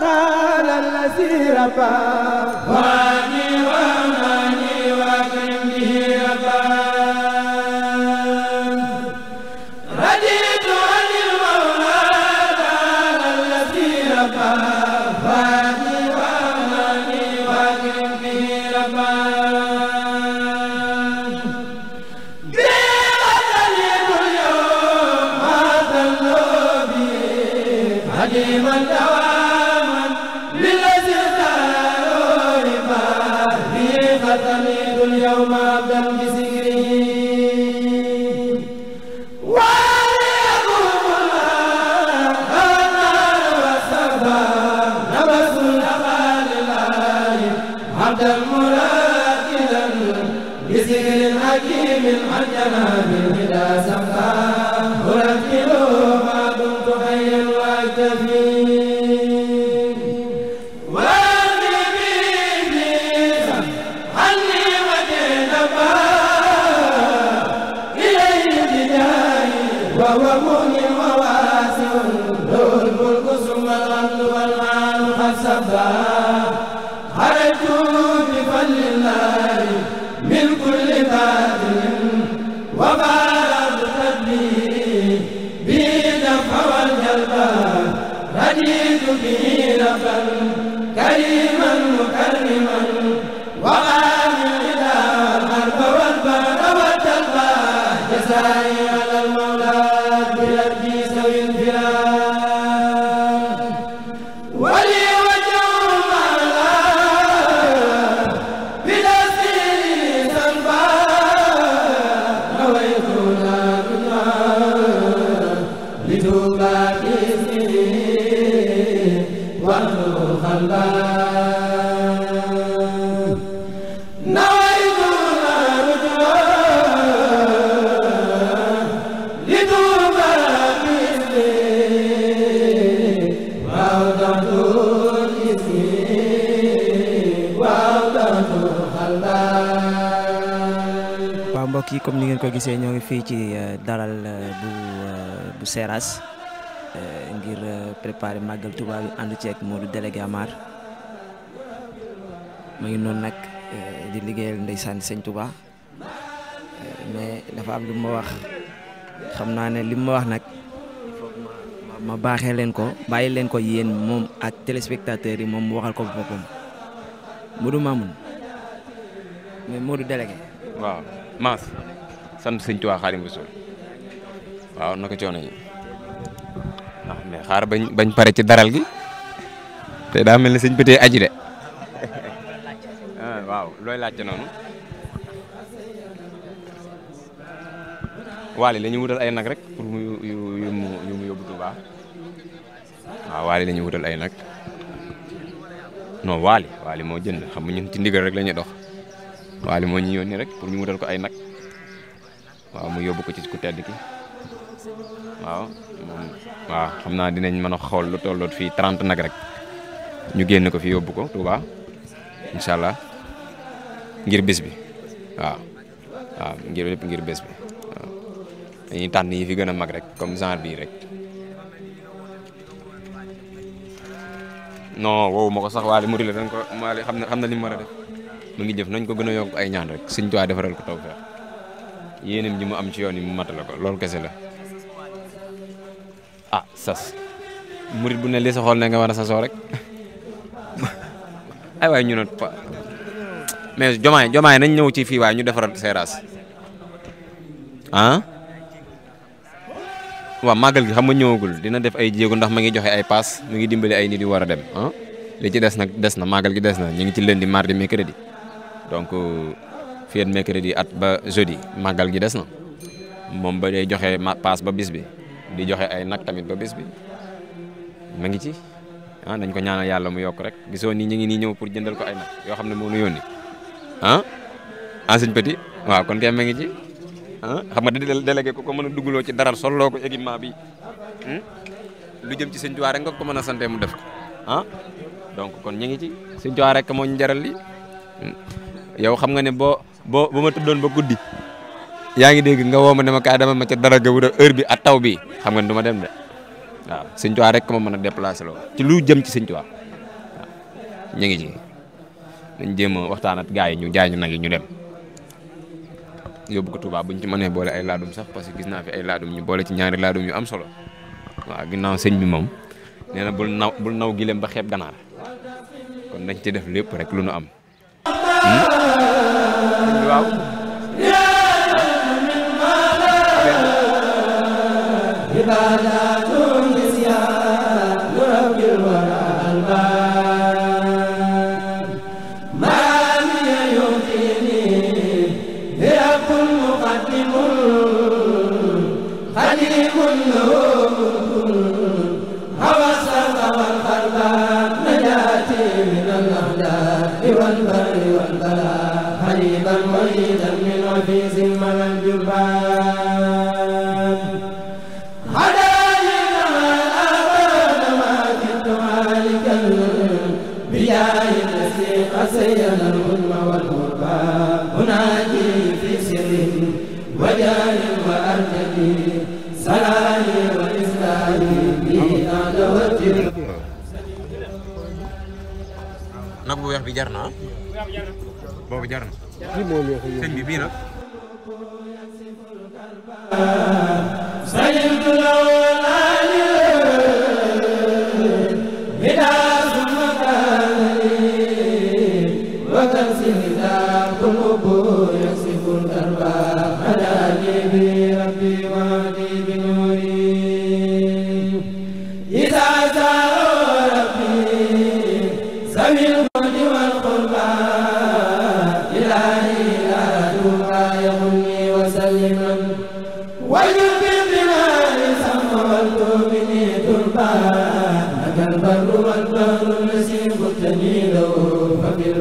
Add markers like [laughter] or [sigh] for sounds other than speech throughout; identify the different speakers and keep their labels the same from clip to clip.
Speaker 1: قال الذي ربى واني وماني واكرم به ربى رجيت عن المولى قال الذي ربى واني وماني واكرم به ربى Hadim Allah zay
Speaker 2: kii comme ni ngeen ko gisee ñoo ngi fii ci euh, daral euh, bu euh, bu Seras ngir préparer màggal Touba bi ànd ceeg Modou délégué Amar ma ngi noonu nag di
Speaker 1: liggéeyal ndeysaan sëñ Touba mais dafa am lu ma wax
Speaker 2: xam naa ne li ma wax nag ma baaxee leen ko bàyyi leen ko yéen moom ak téléspectateurs yi moom mu waxal ko boppam Modou Mamoun mais Modou délégué waaw maas sant sëñ Tuubaa Xaadimu Rasuul waaw naka coono yi waaw ah, xaar bañ pare ci daral gi te daa mel ni sëñ bëtee aji de [laughs] ah, waaw looy laajte noonu waali la ñu wutal ay nag rek pour mu yu mu yu ah, waali wutal ay nag non waali waali moo jënd xam nga ñun ci ndigal rek la ñuy dox waaye moo ñu yónni rek pour ñu wutal ko ay nag waaw mu yóbbu ko ci ku tedd ki waaw moom waaw xam naa dinañ mën a xool lu tolloot fii trent nag rek ñu génn ko fi yóbbu ko Touba incha allah ngir bés bi waaw waaw ngir lépp ngir bés bi dañuy tànn yi fi gën a mag rek comme genre bii rek non wow ma ko sax waaye mu rile dañ ko maa xam na xam na li mu war mu ngi jëf nañ ko gën a yokk ay ñaan rek Sëñ Tuubaa defaral ko tawfeex yéenam ji mu am ci yoon yi mu matale ko loolu kese la ah bu ne li sa xool ne nga war a sasoo rek [laughs] ay waay ñu mais jomaay jomaay nañ ñëw ci fii waaye ñu defaral seeraas ah waaw màggal gi xam nga ñëwagul dina def ay jéego ndax ma ngi joxe ay paas mu ngi dimbali ay nit yu war a dem ah? li ci des nag des na màggal gi des na ñu ngi ci lundi mardi mercredi donc euh, fii ak at ba jeudi màggal gi des na moom ba day joxe paas ba bis bi di joxe ay nag tamit ba bis bi ngi ci ah dañ ko ñaanal yàlla mu yokk rek gisoo ni ñu ngi nii ñëw pour jëndal ko ay nag yoo xam ne moo nu yónni ah enseigne petit waaw kon kay ma ngi ci ah xam nga délégué ko ko mën a dugaloo ci dara solloo ko équipement bi hmm? lu jëm ci sëñ Tuubaa rek nga ko mën a santee mu def ko ah donc kon ñu ci sëñ Tuubaa rek moo jaral lii hmm. yow xam nga ne boo boo ba ma tëddoon ba guddi yaa ngi dégg nga woo ma ne ma kaay dama ma ca dara ga wala heure bi ak taw bi xam nga ne du dem de waaw Sëñ Tuubaa rek ma mën a déplacé loo ci lu jëm ci Sëñ Tuubaa waaw ñu ngi ci dañ jéem waxtaan ak gars yi ñu jaay nag ñu dem yóbbu ko Touba buñ ci mënee boole ay laadum sax parce gis naa fi ay laadum ñu boole ci ñaari laadum yu am solo waaw ginnaaw sëñ bi moom nee na bul naw bul naw gileem ba xeeb ganaar kon dañ ci def lépp rek lu nu am.
Speaker 1: waaw yaa min mala ibada
Speaker 2: jar na ah? boobu jar na sëñ bi bii nag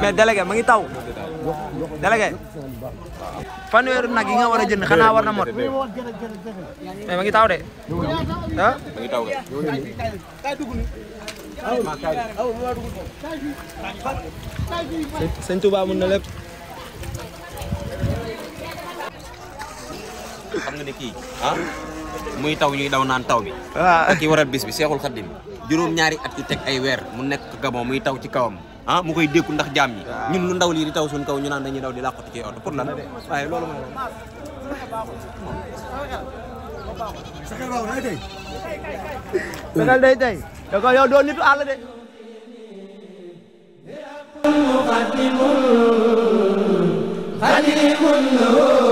Speaker 1: mais délégué mu ngi taw délégué fanweeri nag yi nga war a jënd xanaa war na mot mais mu ngi taw
Speaker 2: de ah. sëñ Touba mun na lépp. xam nga ne kii muy taw ñuy daw naan taw bi. waaw ah. ki waral bis bi seexul xaddim juróom-ñaari at yu teg ay weer mu nekk gabon muy taw ci kawam. ah mu koy dékku ndax jaam yi. Ah. ñun lu ndaw lii di taw suñ kaw ñu naan dañuy daw di làqatu ci oto pour lan waaye loolu mooy. saxal day day. da
Speaker 1: ko yow doo nitu àll de. xadimun lahu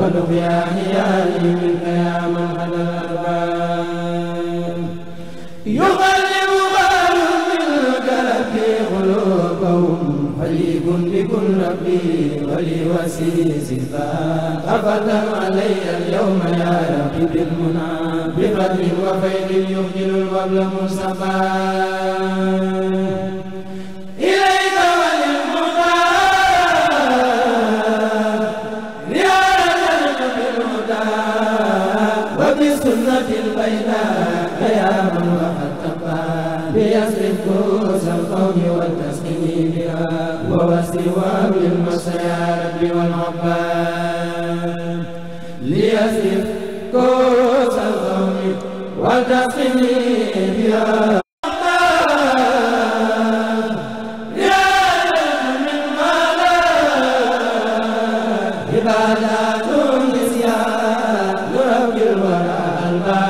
Speaker 1: ونبياني يا لي من ربي ولوسيس فأفضل علي اليوم يا ربي بالمنى بفضل وخير يخجل الوبل مصطفى بسنة البيضاء يا من وحدك الوصل وابل المسارب والعباد ليصف كوس الغم والتقليد يا عبادات نسيان رب الورى الباب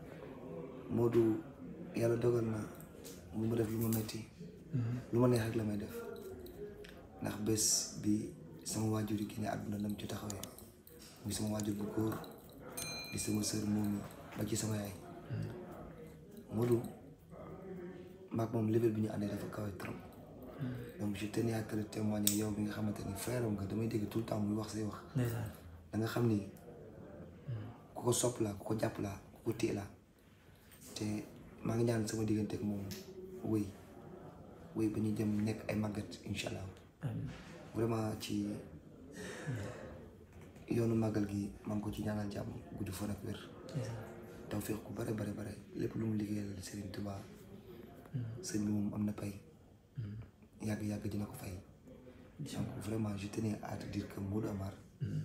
Speaker 1: Modou yàlla dogal na mu ma def lu ma metti mhm. lu ma neex rek la may def ndax bés bi sama waajur yi génne àdduna nam ci taxawee muy sama waajur bu góor di sama sœur moom ba ci sama yaay mhm. Modou bi ñu àndee dafa kawe trop mhm. donc je tenais à te le témoigner bi nga xamante ni frère nga damay dégg tout le temps muy wax say wax da xam ni ku ko sopp la ku ko jàpp la ku ko téye la te maa ngi ñaan sama diggante ak moom wéy wéy ba ñu jëm nekk ay màggat incha allah ci yoonu màggal gi maa ngi ko ci ñaanal jàmm gudd fan ak wér tawfiq ku bare bare bare lépp lu mu liggéeyal Sëriñ Tuubaa mm. sëñ bi moom am na pay yàgg-yàgg mm. dina ko fay donc vraiment je tenais à te dire que Modou Amar mm.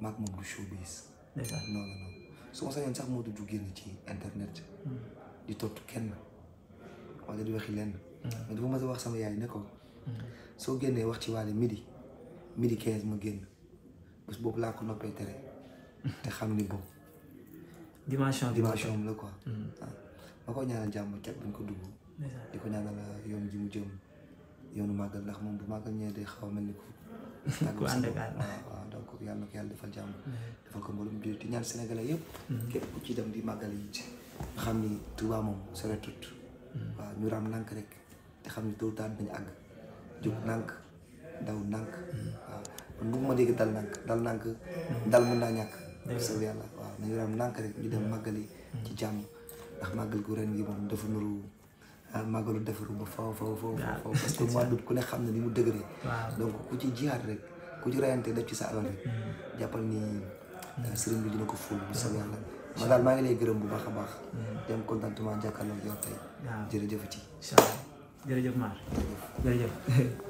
Speaker 1: maag moom du showbiz non non non su ma sañoon sax Modou du génn ci internet. di tott kenn wala di waxi lenn. mais dafa mën a wax sama yaay ne ko. soo génnee wax ci waale midi midi quinze ma génn boobu laa ko noppee tere te xam ni boobu. dimension bi la quoi. Mm. ma ko ñaanal jàmm cat buñ ko dugg. di ko ñaanal yoon ji mu jëm yoonu màggal ndax moom bu màggal ñëwee xaw a mel ni ku. [laughs] ku ànd ak waaw bi yàlla na ko yàlla defal jàmm mhm. defal ko mboolum jullit ñaan sénégalais yëpp mhm. képp ku ci dem di màggal yi ci nga xam ni Tuubaa moom soretut mhm. waaw ñu raam nànk rek ni tôt ou ma dégg dal nànk dal nànk dal mën naa ñàkk sëb yàlla waaw nañu raam nànk rek ñu dem màggal yi ci jàmm ndax màggal gu ren gi moom dafa nuru ah màggalu defaru ba faw faw faw faw parce ne xam ne ni mu dëgëree donc ku ci jiyaat rek ku ci rayante def ci sa alal rek ni euh, sëriñ bi dina ko ful bu soobee yàlla ma daal maa ngi lay gërëm bu baax a baax dem contentement jàkkaarloo yow tey jërëjëf ci jërëjëf Mar jërëjëf [laughs]